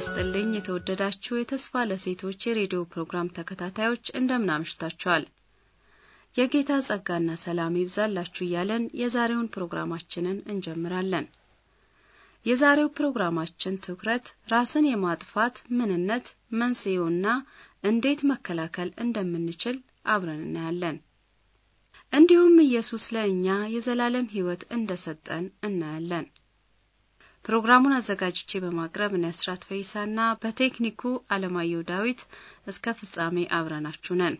ይስጥልኝ የተወደዳችሁ የተስፋ ለሴቶች የሬዲዮ ፕሮግራም ተከታታዮች እንደምን አምሽታችኋል። የጌታ ጸጋና ሰላም ይብዛላችሁ እያለን የዛሬውን ፕሮግራማችንን እንጀምራለን። የዛሬው ፕሮግራማችን ትኩረት ራስን የማጥፋት ምንነት፣ መንስኤውና እንዴት መከላከል እንደምንችል አብረን እናያለን። እንዲሁም ኢየሱስ ለእኛ የዘላለም ሕይወት እንደሰጠን እናያለን። ፕሮግራሙን አዘጋጅቼ በማቅረብ እኔ አስራት ፈይሳና በቴክኒኩ አለማየሁ ዳዊት እስከ ፍጻሜ አብረናችሁ ነን።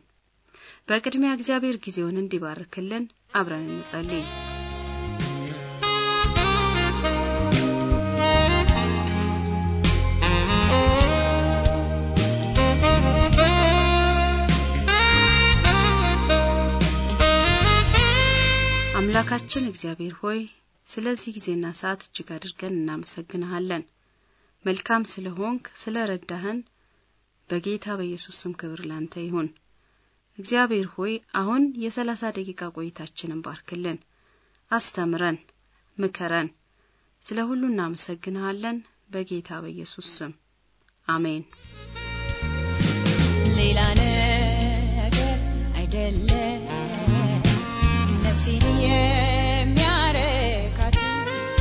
በቅድሚያ እግዚአብሔር ጊዜውን እንዲባርክልን አብረን እንጸልይ። አምላካችን እግዚአብሔር ሆይ ስለዚህ ጊዜና ሰዓት እጅግ አድርገን እናመሰግንሃለን። መልካም ስለ ሆንክ ስለ ረዳህን በጌታ በኢየሱስ ስም ክብር ላንተ ይሁን። እግዚአብሔር ሆይ አሁን የሰላሳ ደቂቃ ቆይታችንን ባርክልን፣ አስተምረን፣ ምከረን። ስለ ሁሉ እናመሰግንሃለን በጌታ በኢየሱስ ስም አሜን። ሌላ ነገር አይደለም ነፍሴን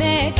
me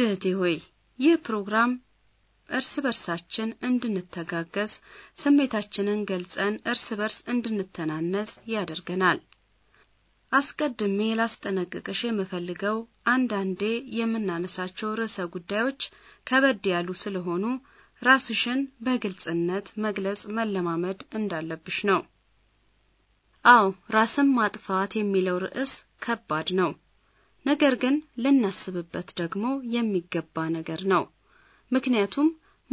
ውድ እህቴ ሆይ ይህ ፕሮግራም እርስ በርሳችን እንድንተጋገዝ ስሜታችንን ገልጸን እርስ በርስ እንድንተናነጽ ያደርገናል። አስቀድሜ ላስጠነቅቅሽ የምፈልገው አንዳንዴ የምናነሳቸው ርዕሰ ጉዳዮች ከበድ ያሉ ስለሆኑ ራስሽን በግልጽነት መግለጽ መለማመድ እንዳለብሽ ነው። አዎ ራስን ማጥፋት የሚለው ርዕስ ከባድ ነው። ነገር ግን ልናስብበት ደግሞ የሚገባ ነገር ነው። ምክንያቱም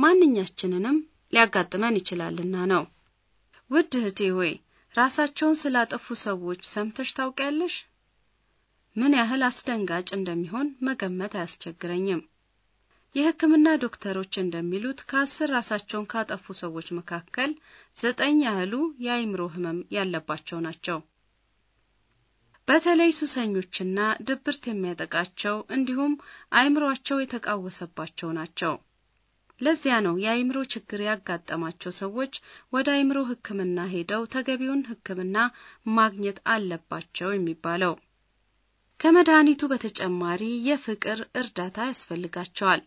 ማንኛችንንም ሊያጋጥመን ይችላልና ነው። ውድ እህቴ ሆይ ራሳቸውን ስላጠፉ ሰዎች ሰምተሽ ታውቂያለሽ? ምን ያህል አስደንጋጭ እንደሚሆን መገመት አያስቸግረኝም። የሕክምና ዶክተሮች እንደሚሉት ከአስር ራሳቸውን ካጠፉ ሰዎች መካከል ዘጠኝ ያህሉ የአይምሮ ህመም ያለባቸው ናቸው። በተለይ ሱሰኞችና ድብርት የሚያጠቃቸው እንዲሁም አእምሯቸው የተቃወሰባቸው ናቸው። ለዚያ ነው የአእምሮ ችግር ያጋጠማቸው ሰዎች ወደ አእምሮ ሕክምና ሄደው ተገቢውን ሕክምና ማግኘት አለባቸው የሚባለው። ከመድኃኒቱ በተጨማሪ የፍቅር እርዳታ ያስፈልጋቸዋል።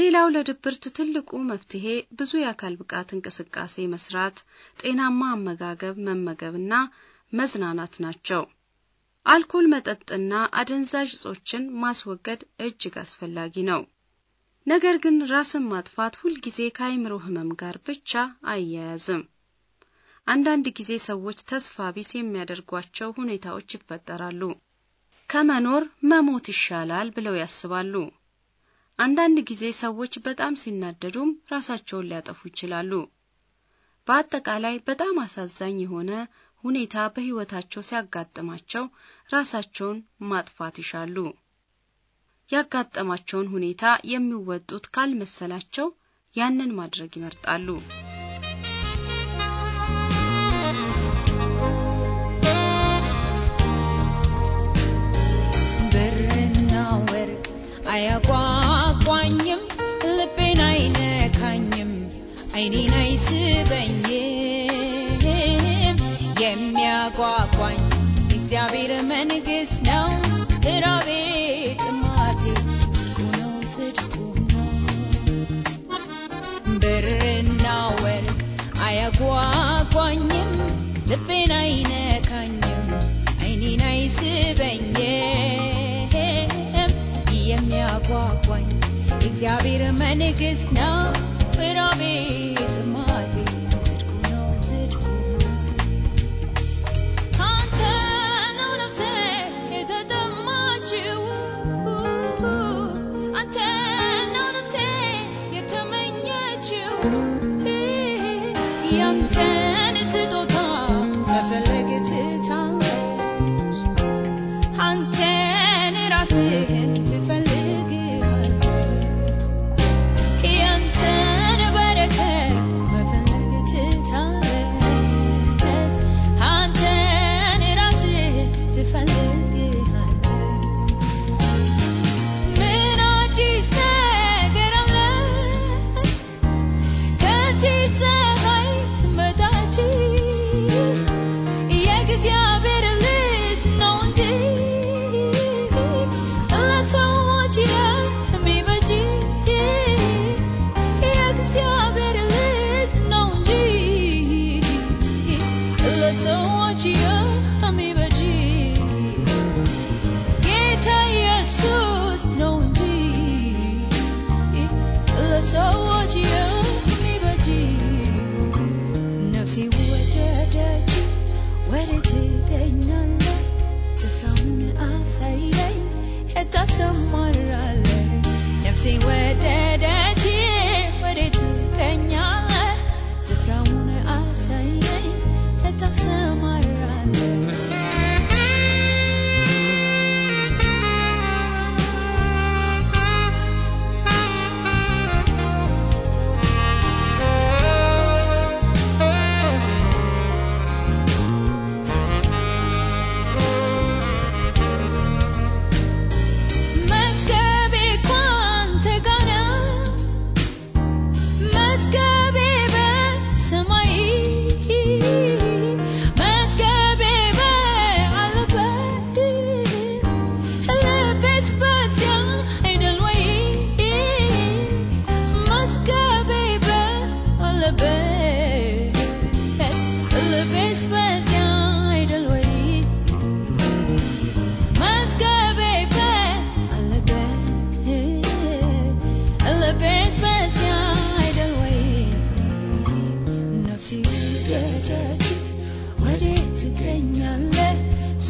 ሌላው ለድብርት ትልቁ መፍትሄ ብዙ የአካል ብቃት እንቅስቃሴ መስራት፣ ጤናማ አመጋገብ መመገብና መዝናናት ናቸው። አልኮል መጠጥና አደንዛዥ እጾችን ማስወገድ እጅግ አስፈላጊ ነው። ነገር ግን ራስን ማጥፋት ሁልጊዜ ከአይምሮ ህመም ጋር ብቻ አያያዝም። አንዳንድ ጊዜ ሰዎች ተስፋ ቢስ የሚያደርጓቸው ሁኔታዎች ይፈጠራሉ። ከመኖር መሞት ይሻላል ብለው ያስባሉ። አንዳንድ ጊዜ ሰዎች በጣም ሲናደዱም ራሳቸውን ሊያጠፉ ይችላሉ። በአጠቃላይ በጣም አሳዛኝ የሆነ ሁኔታ በሕይወታቸው ሲያጋጥማቸው ራሳቸውን ማጥፋት ይሻሉ። ያጋጠማቸውን ሁኔታ የሚወጡት ካልመሰላቸው ያንን ማድረግ ይመርጣሉ። ብርና ወርቅ አያጓጓኝም፣ ልቤን አይነካኝም፣ አይኔን አይስበኝም። እግዚአብሔር መንግሥት ነው ብሮቤ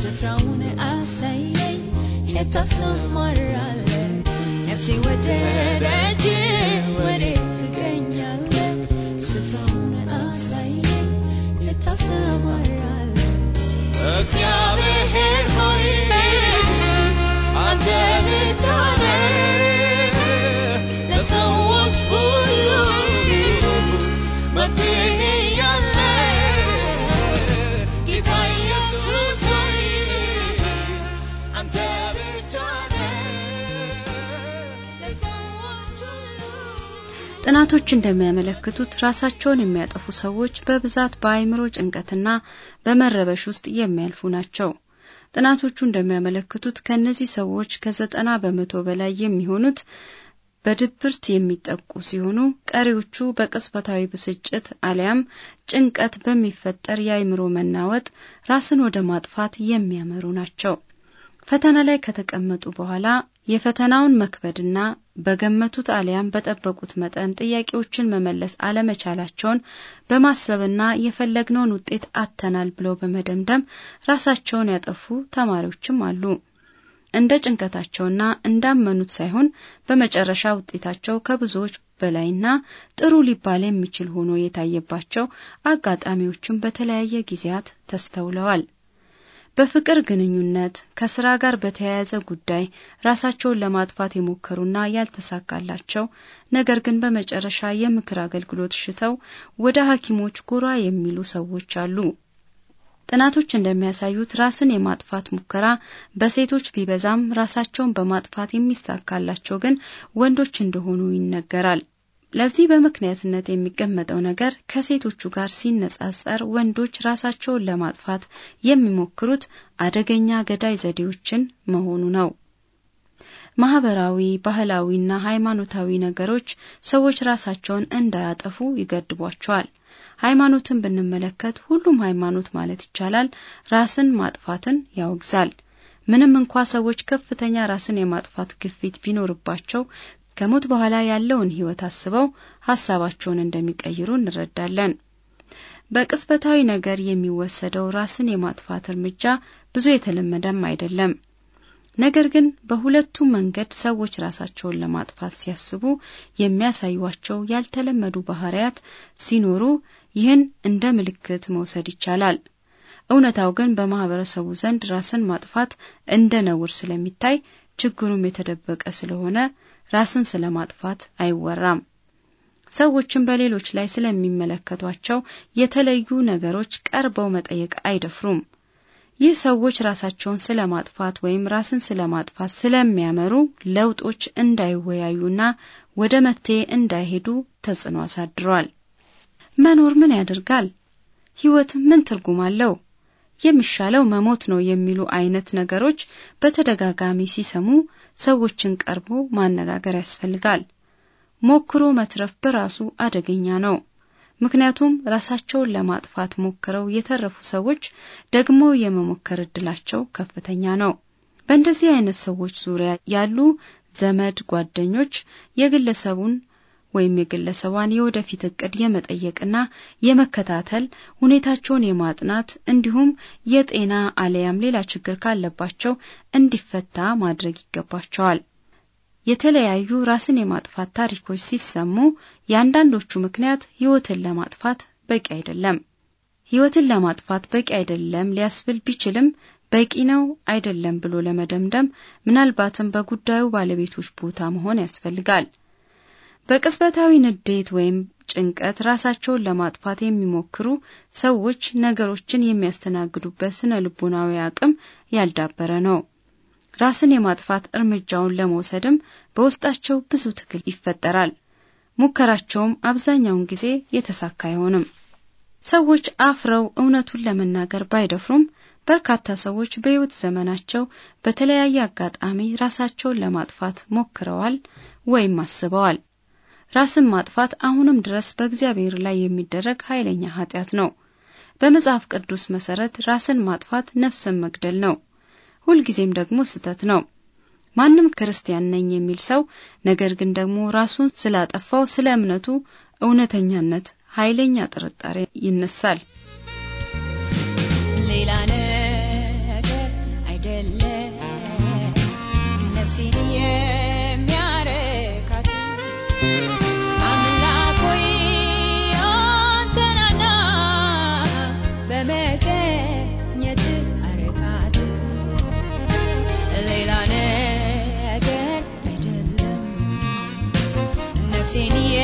ስፍራውን አሳየኝ ጌታ ስማራለ ነፍሴ ወደረች ወዴት ትገኛለ ስፍራውን አሳየኝ ጌታ ስማራለ እግዚአብሔር ሆይ ጥናቶች እንደሚያመለክቱት ራሳቸውን የሚያጠፉ ሰዎች በብዛት በአእምሮ ጭንቀትና በመረበሽ ውስጥ የሚያልፉ ናቸው። ጥናቶቹ እንደሚያመለክቱት ከእነዚህ ሰዎች ከዘጠና በመቶ በላይ የሚሆኑት በድብርት የሚጠቁ ሲሆኑ ቀሪዎቹ በቅጽበታዊ ብስጭት አሊያም ጭንቀት በሚፈጠር የአይምሮ መናወጥ ራስን ወደ ማጥፋት የሚያመሩ ናቸው። ፈተና ላይ ከተቀመጡ በኋላ የፈተናውን መክበድና በገመቱት አሊያም በጠበቁት መጠን ጥያቄዎችን መመለስ አለመቻላቸውን በማሰብና የፈለግነውን ውጤት አተናል ብለው በመደምደም ራሳቸውን ያጠፉ ተማሪዎችም አሉ። እንደ ጭንቀታቸውና እንዳመኑት ሳይሆን በመጨረሻ ውጤታቸው ከብዙዎች በላይና ጥሩ ሊባል የሚችል ሆኖ የታየባቸው አጋጣሚዎችም በተለያየ ጊዜያት ተስተውለዋል። በፍቅር ግንኙነት ከስራ ጋር በተያያዘ ጉዳይ ራሳቸውን ለማጥፋት የሞከሩና ያልተሳካላቸው ነገር ግን በመጨረሻ የምክር አገልግሎት ሽተው ወደ ሐኪሞች ጎራ የሚሉ ሰዎች አሉ። ጥናቶች እንደሚያሳዩት ራስን የማጥፋት ሙከራ በሴቶች ቢበዛም ራሳቸውን በማጥፋት የሚሳካላቸው ግን ወንዶች እንደሆኑ ይነገራል። ለዚህ በምክንያትነት የሚቀመጠው ነገር ከሴቶቹ ጋር ሲነጻጸር ወንዶች ራሳቸውን ለማጥፋት የሚሞክሩት አደገኛ ገዳይ ዘዴዎችን መሆኑ ነው። ማህበራዊ፣ ባህላዊና ሃይማኖታዊ ነገሮች ሰዎች ራሳቸውን እንዳያጠፉ ይገድቧቸዋል። ሃይማኖትን ብንመለከት ሁሉም ሃይማኖት ማለት ይቻላል ራስን ማጥፋትን ያወግዛል። ምንም እንኳ ሰዎች ከፍተኛ ራስን የማጥፋት ግፊት ቢኖርባቸው ከሞት በኋላ ያለውን ሕይወት አስበው ሀሳባቸውን እንደሚቀይሩ እንረዳለን። በቅጽበታዊ ነገር የሚወሰደው ራስን የማጥፋት እርምጃ ብዙ የተለመደም አይደለም። ነገር ግን በሁለቱ መንገድ ሰዎች ራሳቸውን ለማጥፋት ሲያስቡ የሚያሳዩቸው ያልተለመዱ ባህሪያት ሲኖሩ ይህን እንደ ምልክት መውሰድ ይቻላል። እውነታው ግን በማህበረሰቡ ዘንድ ራስን ማጥፋት እንደ ነውር ስለሚታይ ችግሩም የተደበቀ ስለሆነ ራስን ስለማጥፋት አይወራም። ሰዎችን በሌሎች ላይ ስለሚመለከቷቸው የተለዩ ነገሮች ቀርበው መጠየቅ አይደፍሩም። ይህ ሰዎች ራሳቸውን ስለማጥፋት ወይም ራስን ስለማጥፋት ስለሚያመሩ ለውጦች እንዳይወያዩና ወደ መፍትሄ እንዳይሄዱ ተጽዕኖ አሳድሯል። መኖር ምን ያደርጋል? ሕይወት ምን ትርጉም አለው? የሚሻለው መሞት ነው የሚሉ አይነት ነገሮች በተደጋጋሚ ሲሰሙ ሰዎችን ቀርቦ ማነጋገር ያስፈልጋል። ሞክሮ መትረፍ በራሱ አደገኛ ነው። ምክንያቱም ራሳቸውን ለማጥፋት ሞክረው የተረፉ ሰዎች ደግሞ የመሞከር እድላቸው ከፍተኛ ነው። በእንደዚህ አይነት ሰዎች ዙሪያ ያሉ ዘመድ፣ ጓደኞች የግለሰቡን ወይም የግለሰቧን የወደፊት እቅድ የመጠየቅና የመከታተል ሁኔታቸውን የማጥናት እንዲሁም የጤና አለያም ሌላ ችግር ካለባቸው እንዲፈታ ማድረግ ይገባቸዋል። የተለያዩ ራስን የማጥፋት ታሪኮች ሲሰሙ የአንዳንዶቹ ምክንያት ሕይወትን ለማጥፋት በቂ አይደለም፣ ሕይወትን ለማጥፋት በቂ አይደለም ሊያስብል ቢችልም በቂ ነው አይደለም ብሎ ለመደምደም ምናልባትም በጉዳዩ ባለቤቶች ቦታ መሆን ያስፈልጋል። በቅጽበታዊ ንዴት ወይም ጭንቀት ራሳቸውን ለማጥፋት የሚሞክሩ ሰዎች ነገሮችን የሚያስተናግዱበት ስነ ልቦናዊ አቅም ያልዳበረ ነው። ራስን የማጥፋት እርምጃውን ለመውሰድም በውስጣቸው ብዙ ትግል ይፈጠራል። ሙከራቸውም አብዛኛውን ጊዜ የተሳካ አይሆንም። ሰዎች አፍረው እውነቱን ለመናገር ባይደፍሩም በርካታ ሰዎች በሕይወት ዘመናቸው በተለያየ አጋጣሚ ራሳቸውን ለማጥፋት ሞክረዋል ወይም አስበዋል። ራስን ማጥፋት አሁንም ድረስ በእግዚአብሔር ላይ የሚደረግ ኃይለኛ ኃጢአት ነው። በመጽሐፍ ቅዱስ መሰረት ራስን ማጥፋት ነፍስን መግደል ነው፣ ሁልጊዜም ደግሞ ስህተት ነው። ማንም ክርስቲያን ነኝ የሚል ሰው ነገር ግን ደግሞ ራሱን ስላጠፋው ስለ እምነቱ እውነተኛነት ኃይለኛ ጥርጣሬ ይነሳል። ሌላ 有些年。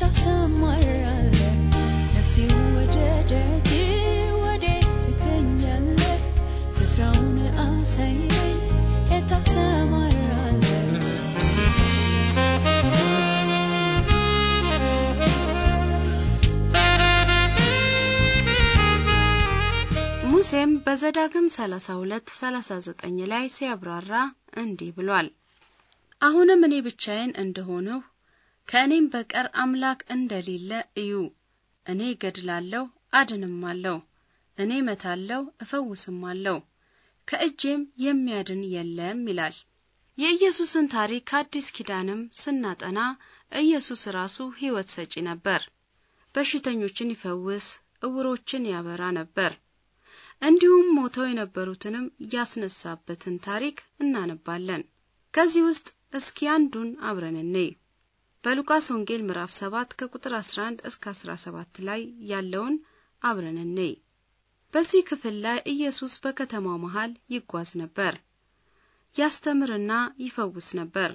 ትገኛለ ስፍራውን የታሰማራለ ሙሴም በዘዳግም 32 39 ላይ ሲያብራራ እንዲህ ብሏል። አሁንም እኔ ብቻዬን እንደሆነው ከእኔም በቀር አምላክ እንደሌለ እዩ። እኔ እገድላለሁ አድንማለሁ፣ እኔ እመታለሁ እፈውስማለሁ፣ ከእጄም የሚያድን የለም ይላል። የኢየሱስን ታሪክ ከአዲስ ኪዳንም ስናጠና ኢየሱስ ራሱ ሕይወት ሰጪ ነበር። በሽተኞችን ይፈውስ፣ እውሮችን ያበራ ነበር። እንዲሁም ሞተው የነበሩትንም ያስነሳበትን ታሪክ እናነባለን። ከዚህ ውስጥ እስኪ አንዱን አብረን እንይ። በሉቃስ ወንጌል ምዕራፍ 7 ከቁጥር 11 እስከ 17 ላይ ያለውን አብረን እንይ። በዚህ ክፍል ላይ ኢየሱስ በከተማው መሃል ይጓዝ ነበር፣ ያስተምርና ይፈውስ ነበር።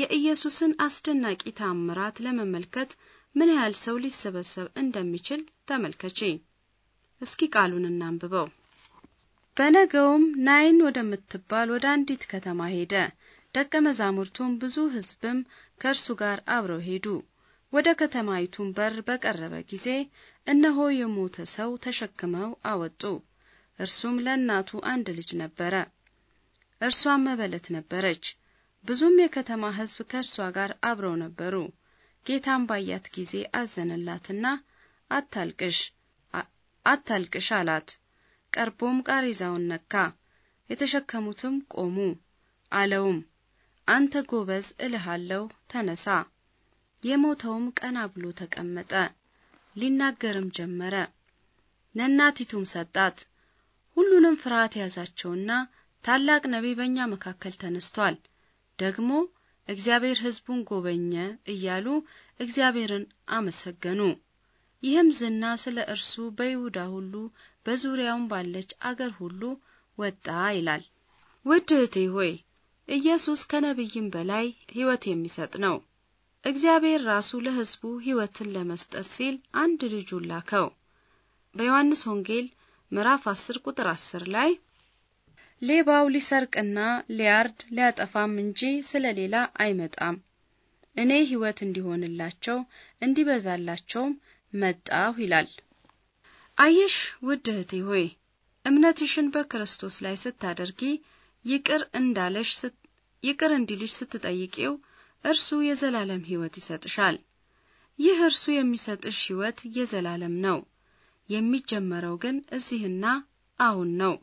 የኢየሱስን አስደናቂ ታምራት ለመመልከት ምን ያህል ሰው ሊሰበሰብ እንደሚችል ተመልከቺ። እስኪ ቃሉን እናንብበው። በነገውም ናይን ወደምትባል ወደ አንዲት ከተማ ሄደ። ደቀ መዛሙርቱም ብዙ ሕዝብም ከእርሱ ጋር አብረው ሄዱ። ወደ ከተማይቱም በር በቀረበ ጊዜ እነሆ የሞተ ሰው ተሸክመው አወጡ። እርሱም ለእናቱ አንድ ልጅ ነበረ፣ እርሷም መበለት ነበረች። ብዙም የከተማ ሕዝብ ከእርሷ ጋር አብረው ነበሩ። ጌታም ባያት ጊዜ አዘነላትና አታልቅሽ አታልቅሽ አላት። ቀርቦም ቃሬዛውን ነካ፣ የተሸከሙትም ቆሙ። አለውም አንተ ጎበዝ እልሃለሁ፣ ተነሳ። የሞተውም ቀና ብሎ ተቀመጠ፣ ሊናገርም ጀመረ። ነናቲቱም ሰጣት። ሁሉንም ፍርሃት ያዛቸውና ታላቅ ነቢይ በእኛ መካከል ተነስቷል፣ ደግሞ እግዚአብሔር ሕዝቡን ጎበኘ እያሉ እግዚአብሔርን አመሰገኑ። ይህም ዝና ስለ እርሱ በይሁዳ ሁሉ በዙሪያውም ባለች አገር ሁሉ ወጣ ይላል። ውድ እህቴ ሆይ ኢየሱስ ከነቢይም በላይ ሕይወት የሚሰጥ ነው። እግዚአብሔር ራሱ ለሕዝቡ ሕይወትን ለመስጠት ሲል አንድ ልጁን ላከው። በዮሐንስ ወንጌል ምዕራፍ 10 ቁጥር 10 ላይ ሌባው ሊሰርቅና ሊያርድ ሊያጠፋም እንጂ ስለሌላ አይመጣም፣ እኔ ሕይወት እንዲሆንላቸው እንዲበዛላቸውም መጣሁ ይላል። አየሽ ውድ እህቴ ሆይ እምነትሽን በክርስቶስ ላይ ስታደርጊ ይቅር እንዳለሽ ይቅር እንዲልሽ ስትጠይቂው እርሱ የዘላለም ሕይወት ይሰጥሻል። ይህ እርሱ የሚሰጥሽ ሕይወት የዘላለም ነው። የሚጀመረው ግን እዚህና አሁን ነው።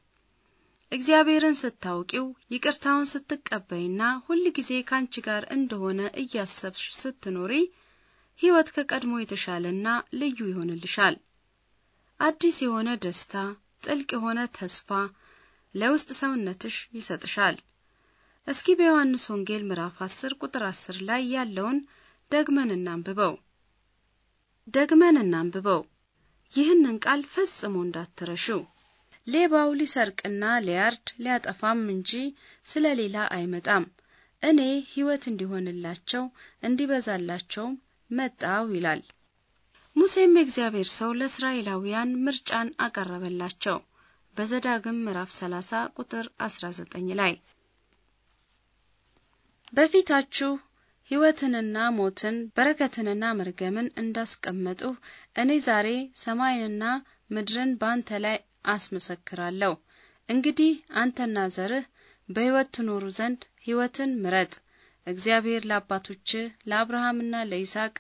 እግዚአብሔርን ስታውቂው ይቅርታውን ስትቀበይና ሁል ጊዜ ካንቺ ጋር እንደሆነ እያሰብሽ ስትኖሪ ሕይወት ከቀድሞ የተሻለና ልዩ ይሆንልሻል። አዲስ የሆነ ደስታ፣ ጥልቅ የሆነ ተስፋ ለውስጥ ሰውነትሽ ይሰጥሻል። እስኪ በዮሐንስ ወንጌል ምዕራፍ 10 ቁጥር 10 ላይ ያለውን ደግመን እናንብበው። ደግመን እናንብበው። ይህንን ቃል ፈጽሞ እንዳትረሹ። ሌባው ሊሰርቅና ሊያርድ ሊያጠፋም እንጂ ስለ ሌላ አይመጣም። እኔ ሕይወት እንዲሆንላቸው እንዲበዛላቸውም መጣው ይላል። ሙሴም የእግዚአብሔር ሰው ለእስራኤላውያን ምርጫን አቀረበላቸው። በዘዳግም ምዕራፍ 30 ቁጥር 19 ላይ በፊታችሁ ሕይወትንና ሞትን በረከትንና መርገምን እንዳስቀመጥሁ እኔ ዛሬ ሰማይንና ምድርን በአንተ ላይ አስመሰክራለሁ። እንግዲህ አንተና ዘርህ በሕይወት ትኖሩ ዘንድ ሕይወትን ምረጥ። እግዚአብሔር ለአባቶች ለአብርሃምና ለይስሐቅ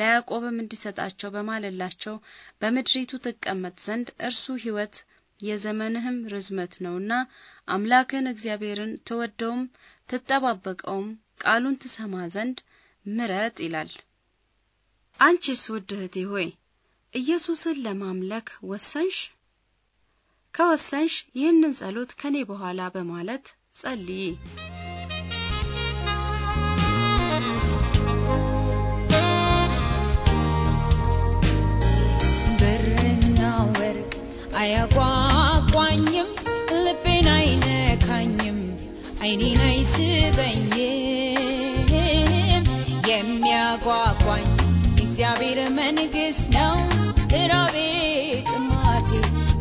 ለያዕቆብም እንዲሰጣቸው በማለላቸው በምድሪቱ ትቀመጥ ዘንድ እርሱ ሕይወት የዘመንህም ርዝመት ነውና አምላክን እግዚአብሔርን ትወደውም ትጠባበቀውም ቃሉን ትሰማ ዘንድ ምረጥ ይላል። አንቺስ ውድ እህቴ ሆይ ኢየሱስን ለማምለክ ወሰንሽ? ከወሰንሽ ይህንን ጸሎት ከኔ በኋላ በማለት ጸልይ። በርና ወርቅ አይኔን አይስበኝም የሚያጓጓኝ እግዚአብሔር መንግሥት ነው እራቤ ጥማቴ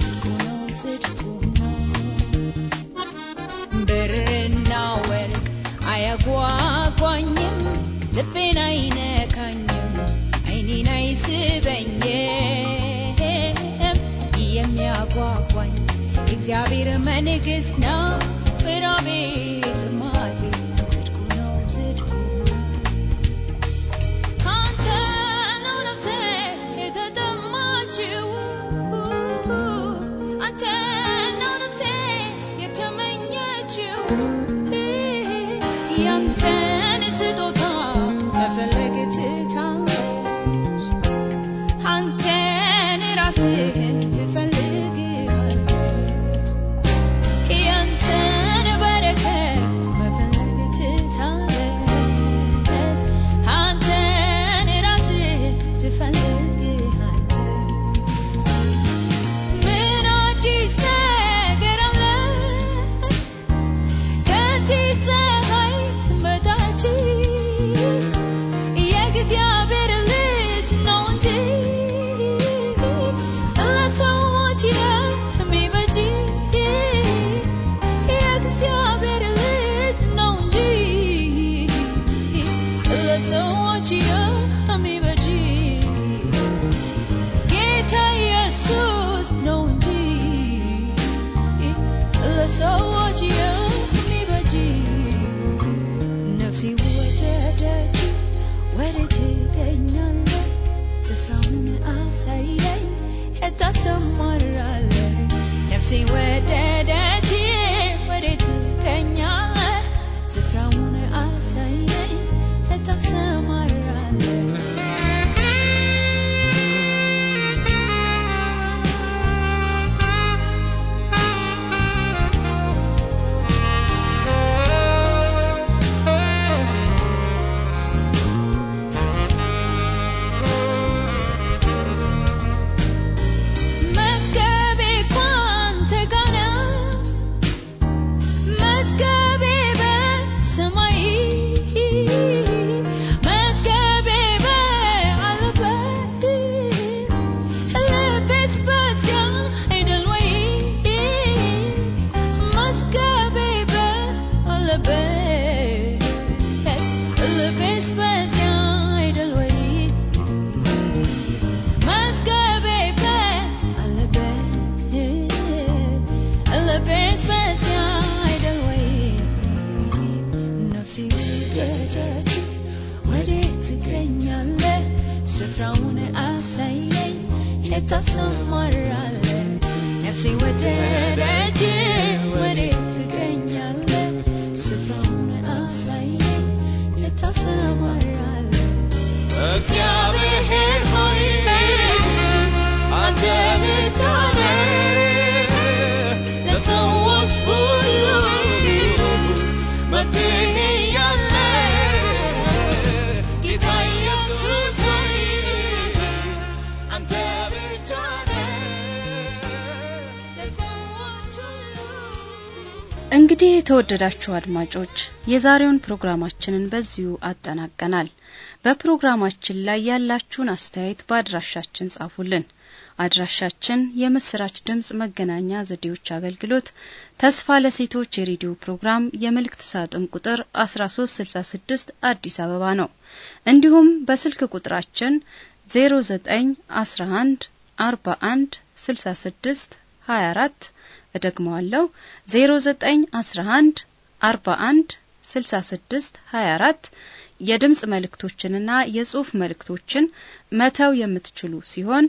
ጽድቁ ነው ጽድቁ ነው ብርና ወርቅ አያጓጓኝም ልቤን አይነካኝም አይኔን አይስበኝም የሚያጓጓኝ እግዚአብሔር መንግሥት ነው But I'll ደረጀ ወዴት ትገኛለህ? ስፍራውን አሳየኝ ልታሰማራለህ እንግዲህ የተወደዳችሁ አድማጮች የዛሬውን ፕሮግራማችንን በዚሁ አጠናቀናል። በፕሮግራማችን ላይ ያላችሁን አስተያየት በአድራሻችን ጻፉልን። አድራሻችን የምስራች ድምጽ መገናኛ ዘዴዎች አገልግሎት ተስፋ ለሴቶች የሬዲዮ ፕሮግራም የመልእክት ሳጥን ቁጥር 1366 አዲስ አበባ ነው። እንዲሁም በስልክ ቁጥራችን 0911 41 66 24 እደግመዋለሁ 0911 41 66 24 የድምጽ መልእክቶችንና የጽሑፍ መልእክቶችን መተው የምትችሉ ሲሆን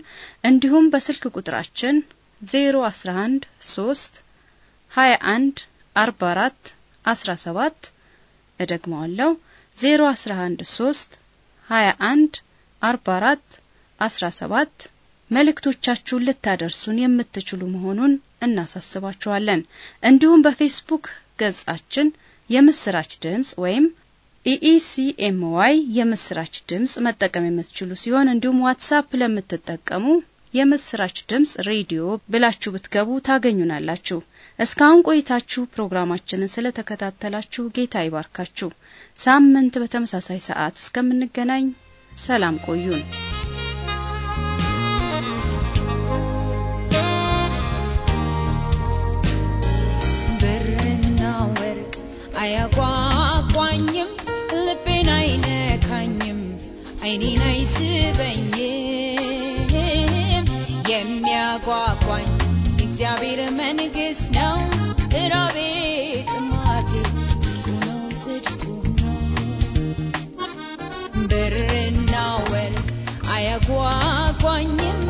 እንዲሁም በስልክ ቁጥራችን 011 3 21 44 17 እደግመዋለሁ 0113 3 21 44 17 መልእክቶቻችሁን ልታደርሱን የምትችሉ መሆኑን እናሳስባችኋለን። እንዲሁም በፌስቡክ ገጻችን የምስራች ድምጽ ወይም ኢኢሲኤምዋይ e e የምስራች ድምጽ መጠቀም የምትችሉ ሲሆን እንዲሁም ዋትሳፕ ለምትጠቀሙ የምስራች ድምጽ ሬዲዮ ብላችሁ ብትገቡ ታገኙናላችሁ። እስካሁን ቆይታችሁ ፕሮግራማችንን ስለተከታተላችሁ ጌታ ይባርካችሁ። ሳምንት በተመሳሳይ ሰዓት እስከምንገናኝ ሰላም ቆዩን። አያጓጓኝም፣ ልቤን አይነካኝም፣ አይኔን አይስበኝም። የሚያጓጓኝ እግዚአብሔር መንግሥት ነው። እራቤ ጥማቴ ጽድቁ ነው ጽድቁ ነው። ብርና ወርቅ አያጓጓኝም፣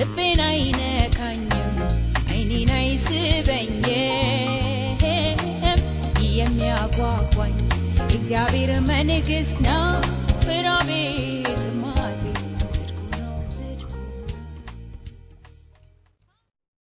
ልቤን አይነካኝም፣ አይኔን አይስበኝም። የሚያጓጓኝ እግዚአብሔር መንግሥት ነው ፍራ ቤት